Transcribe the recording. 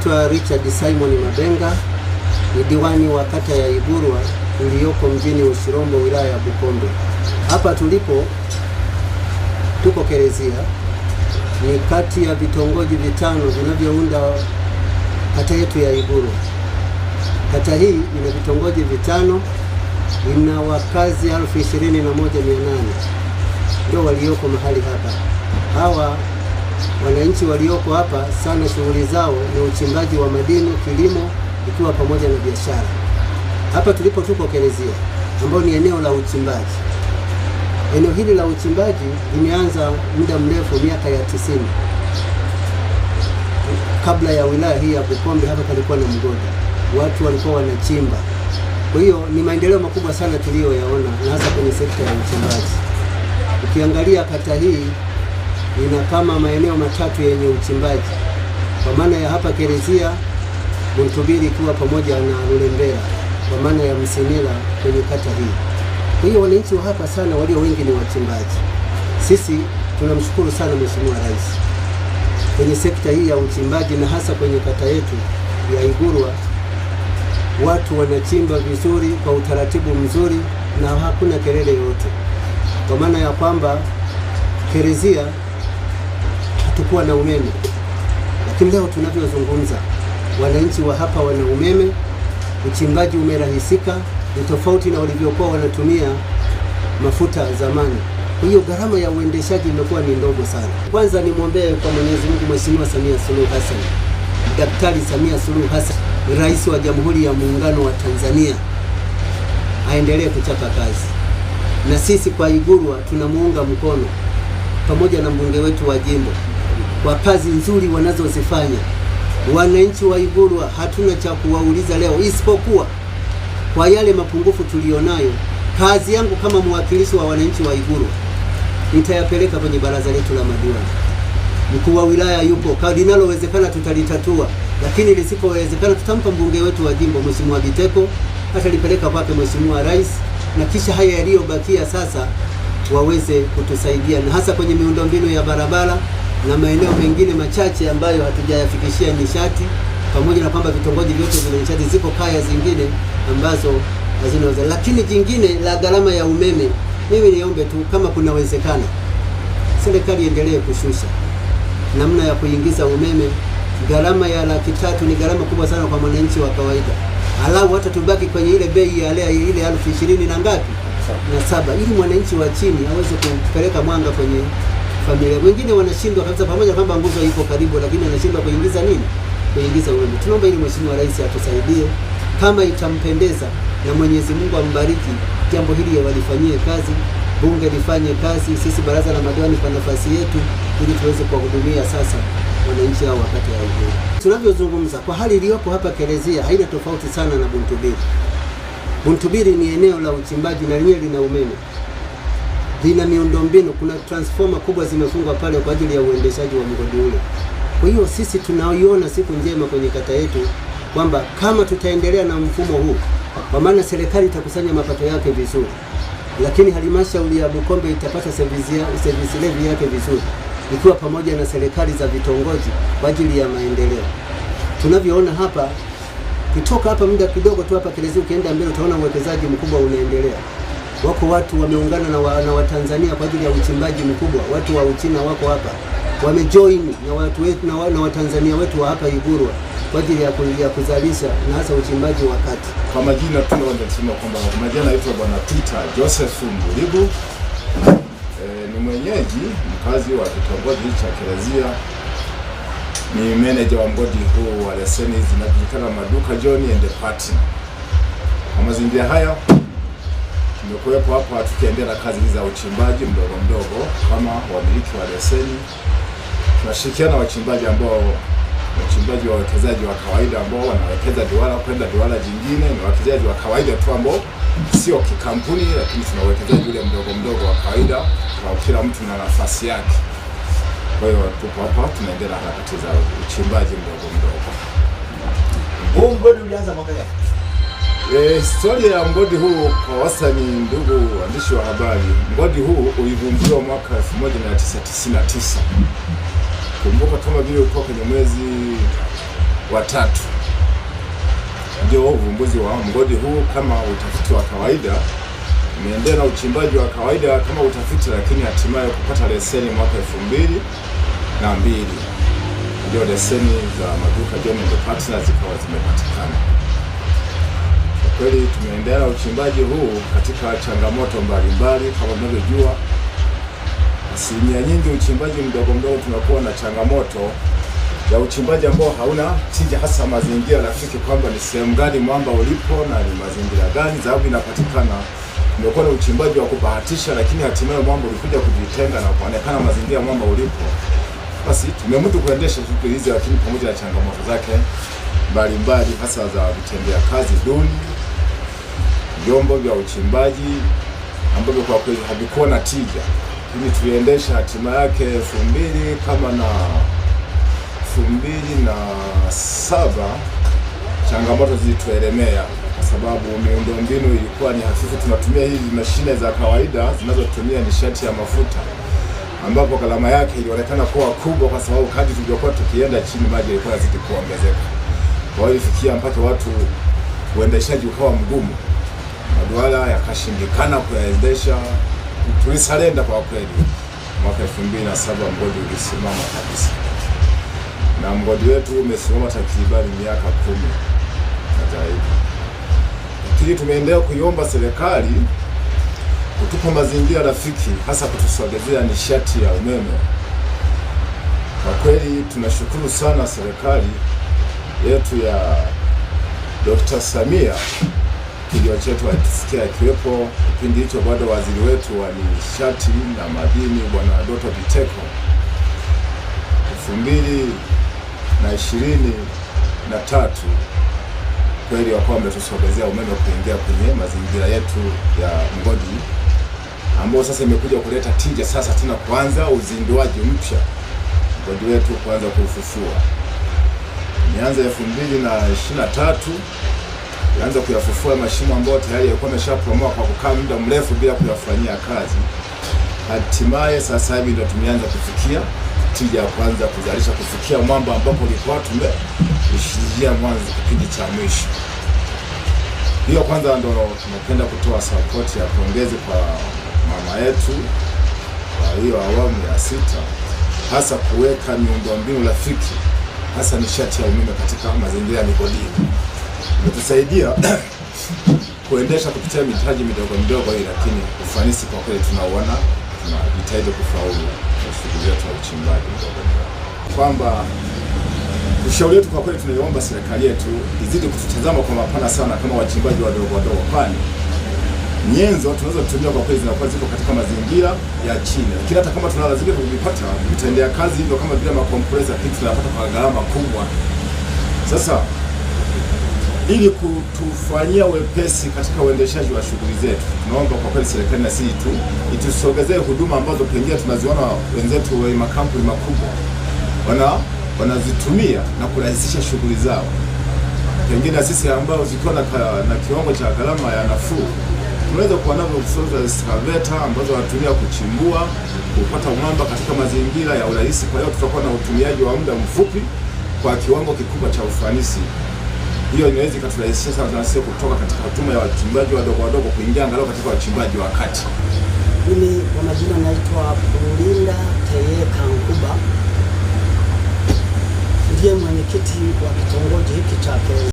Naitwa Richard Simon Mabenga, ni diwani wa kata ya Igurwa iliyoko mjini Ushirombo, wilaya ya Bukombe. Hapa tulipo tuko Kerezia, ni kati ya vitongoji vitano vinavyounda kata yetu ya Igurwa. Kata hii ina vitongoji vitano, ina wakazi elfu ishirini na moja mia nane ndio walioko mahali hapa hawa Wananchi walioko hapa sana shughuli zao ni uchimbaji wa madini, kilimo, ikiwa pamoja na biashara. Hapa tulipo tuko Kenezia, ambayo ni eneo la uchimbaji. Eneo hili la uchimbaji limeanza muda mrefu, miaka ya tisini. Kabla ya wilaya hii ya Bukombe, hapa palikuwa na mgodi, watu walikuwa wanachimba. Kwa hiyo ni maendeleo makubwa sana tuliyoyaona, na hasa kwenye sekta ya uchimbaji. Ukiangalia kata hii ina kama maeneo matatu yenye uchimbaji kwa maana ya hapa Kerezia, Buntubiri ikiwa pamoja na Lulembera kwa maana ya Msimila kwenye kata hii. Kwa hiyo wananchi wa hapa sana walio wengi ni wachimbaji. Sisi tunamshukuru sana Mheshimiwa Rais kwenye sekta hii ya uchimbaji na hasa kwenye kata yetu ya Igurwa watu wanachimba vizuri kwa utaratibu mzuri na hakuna kelele yoyote, kwa maana ya kwamba Kerezia hatukuwa na umeme, lakini leo tunavyozungumza, wananchi wa hapa wana umeme, uchimbaji umerahisika, ni tofauti na walivyokuwa wanatumia mafuta zamani. Kwa hiyo gharama ya uendeshaji imekuwa ni ndogo sana. Kwanza nimwombee kwa Mwenyezi Mungu Mheshimiwa Samia Suluhu Hassan, Daktari Samia Suluhu Hassan, Rais wa Jamhuri ya Muungano wa Tanzania, aendelee kuchapa kazi, na sisi kwa Igurwa tunamuunga mkono pamoja na mbunge wetu wa jimbo kwa kazi nzuri wanazozifanya. Wananchi wa Igulwa hatuna cha kuwauliza leo, isipokuwa kwa yale mapungufu tuliyonayo, kazi yangu kama mwakilishi wa wananchi wa Igulwa nitayapeleka kwenye baraza letu la madiwani. Mkuu wa wilaya yupo, linalowezekana tutalitatua, lakini lisipowezekana tutampa mbunge wetu wa jimbo Mheshimiwa Biteko, atalipeleka kwake Mheshimiwa Rais, na kisha haya yaliyobakia sasa waweze kutusaidia na hasa kwenye miundombinu ya barabara na maeneo mengine machache ambayo hatujayafikishia nishati, pamoja na kwamba vitongoji vyote vina nishati, ziko kaya zingine ambazo hazinaweza. Lakini jingine la gharama ya umeme, mimi niombe tu kama kunawezekana, serikali iendelee kushusha namna ya kuingiza umeme. Gharama ya laki tatu ni gharama kubwa sana kwa mwananchi wa kawaida, alafu hata tubaki kwenye ile bei ya lea ile elfu ishirini na ngapi na saba, ili mwananchi wa chini aweze kupeleka mwanga kwenye familia. Wengine wanashindwa kabisa, pamoja kwamba nguzo iko karibu, lakini anashindwa kuingiza nini, kuingiza umeme. Tunaomba ili Mheshimiwa Rais atusaidie kama itampendeza, na Mwenyezi Mungu ambariki jambo hili, walifanyie kazi, bunge lifanye kazi, sisi baraza la madiwani kwa nafasi yetu, ili tuweze kuwahudumia sasa wananchi hao wakati wa uhuru. Tunavyozungumza kwa hali iliyopo hapa Kerezia haina tofauti sana na Buntubiri. Buntubiri ni eneo la uchimbaji na lenyewe lina umeme vina miundombinu, kuna transforma kubwa zimefungwa pale kwa ajili ya uendeshaji wa mgodi ule. Kwa hiyo sisi tunaiona siku njema kwenye kata yetu kwamba kama tutaendelea na mfumo huu, kwa maana serikali itakusanya mapato yake vizuri, lakini halmashauri ya Bukombe itapata service levy yake vizuri, ikiwa pamoja na serikali za vitongoji kwa ajili ya maendeleo. Tunavyoona hapa, kutoka hapa muda kidogo tu hapa Keleziu, ukienda mbele utaona uwekezaji mkubwa unaendelea wako watu wameungana na Watanzania kwa ajili ya uchimbaji mkubwa. Watu wa Uchina wako hapa wamejoin na watu wetu na Watanzania wetu wa hapa Igurwa kwa ajili ya kuzalisha na hasa uchimbaji wa kati. Kwa majina tu wanasema kwamba majina naitwa Bwana Peter Joseph Mbulibu, e, ni mwenyeji mkazi wa kitongoji cha Kirazia, ni meneja wa mgodi huu wa leseni zinajulikana maduka John and Party. Kwa mazingira haya tumekuwepo hapo, hatukiendelea na kazi za uchimbaji mdogo mdogo kama wamiliki wa leseni. Tunashirikiana wachimbaji ambao wachimbaji wa wawekezaji wa kawaida ambao wanawekeza duara kwenda duara jingine, ni wawekezaji wa kawaida tu ambao sio kikampuni, lakini tuna uwekezaji ule mdogo mdogo wa kawaida kwa kila mtu na nafasi yake. Kwa hiyo tupo hapa tunaendelea na harakati za uchimbaji mdogo mdogo. Huu mgodi ulianza mwaka gani? E, eh, historia ya mgodi huu kwa wasani, ndugu waandishi wa habari, mgodi huu ulivumbuliwa mwaka 1999. Kumbuka kama vile ulikuwa kwenye mwezi wa tatu, ndio uvumbuzi wa mgodi huu kama utafiti wa kawaida umeendelea na uchimbaji wa kawaida kama utafiti, lakini hatimaye kupata leseni mwaka elfu mbili na mbili ndio leseni za maduka John and Partners zikawa zimepatikana kweli tumeendelea na uchimbaji huu katika changamoto mbalimbali kama mnavyojua, asilimia nyingi uchimbaji mdogo mdogo tunakuwa na changamoto ya uchimbaji ambao hauna tija, hasa mazingira rafiki, kwamba ni sehemu gani mwamba ulipo na ni mazingira gani dhahabu inapatikana. Tumekuwa na uchimbaji wa kubahatisha, lakini hatimaye mwamba ulikuja kujitenga na kuonekana mazingira mwamba ulipo. Basi tumemudu kuendesha shughuli hizi, lakini pamoja na changamoto zake mbalimbali, hasa za vitendea kazi duni vyombo vya uchimbaji ambavyo kwa kweli havikuwa na tija, lakini tuliendesha hatima yake elfu mbili kama na elfu mbili na saba changamoto zilituelemea kwa sababu miundombinu ilikuwa ni hafifu. Tunatumia hizi mashine za kawaida zinazotumia nishati ya mafuta, ambapo gharama yake ilionekana kuwa kubwa, kwa sababu kadri tulivyokuwa tukienda chini, maji yalikuwa yazidi kuongezeka. Kwa hiyo ifikia mpaka watu uendeshaji ukawa mgumu. Mtwara yakashindikana kuyaendesha. Tulisarenda kwa kweli. Mwaka 27 mgodi ulisimama kabisa, na mgodi wetu umesimama takribani miaka kumi hata hivyo, lakini tumeendelea kuiomba serikali kutupa mazingira rafiki, hasa kutusogezea nishati ya umeme. Kwa kweli tunashukuru sana serikali yetu ya Dr. Samia kijiwe chetu akisikia akiwepo kipindi hicho bado waziri wetu wa nishati na madini Bwana Doto Biteko elfu mbili na ishirini na tatu kweli wakuwa wametusogezea umeme kuingia kwenye mazingira yetu ya mgodi ambao sasa imekuja kuleta tija sasa tena kuanza uzinduaji mpya mgodi wetu kuanza kuufufua. Nianza elfu mbili na ishirini na tatu alianza kuyafufua mashimo ambayo tayari yalikuwa yameshapromoa kwa kukaa muda mrefu bila kuyafanyia kazi. Hatimaye sasa hivi ndio tumeanza kufikia tija ya kwanza kuzalisha, kufikia mwamba ambapo ulikuwa tumeishia mwanzo kipindi cha mwisho. Hiyo kwanza ndo tunapenda kutoa sapoti ya pongezi kwa mama yetu kwa hiyo awamu ya sita, hasa kuweka miundombinu rafiki hasa nishati ya umeme katika mazingira ya migodini utasaidia kuendesha kupitia mitaji midogo midogo hii, lakini ufanisi kwa kweli tunauona, tunajitahidi kufaulu shughuli yetu ya uchimbaji kwamba ushauri wetu kwa kweli tunaiomba serikali yetu izidi kututazama kwa mapana sana, kama wachimbaji wadogo wadogo, kwani nyenzo tunazotumia kwa kweli zinakuwa ziko katika mazingira ya chini, lakini hata kama tunalazimika kuvipata vitendea kazi hivyo kama vile makompresa, lakini tunapata kwa gharama kubwa. Sasa ili kutufanyia wepesi katika uendeshaji wa shughuli zetu. Tunaomba kwa kweli serikali na sisi tu itusogezee huduma ambazo pengine tunaziona wenzetu wa makampuni makubwa wana wanazitumia na kurahisisha shughuli zao, pengine na sisi ambao zikiwa na, na kiwango cha gharama ya nafuu tunaweza kuwa navyo za excavator ambazo wanatumia kuchimbua kupata mwamba katika mazingira ya urahisi. Kwa hiyo tutakuwa na utumiaji wa muda mfupi kwa kiwango kikubwa cha ufanisi hiyo inaweza ikaturahisisha sana sana sisi kutoka katika hatuma ya wachimbaji wadogo wadogo kuingia angalau katika wachimbaji wa kati. Mimi kwa majina naitwa Kulinda Teye Nkuba, ndiye mwenyekiti wa kitongoji hiki cha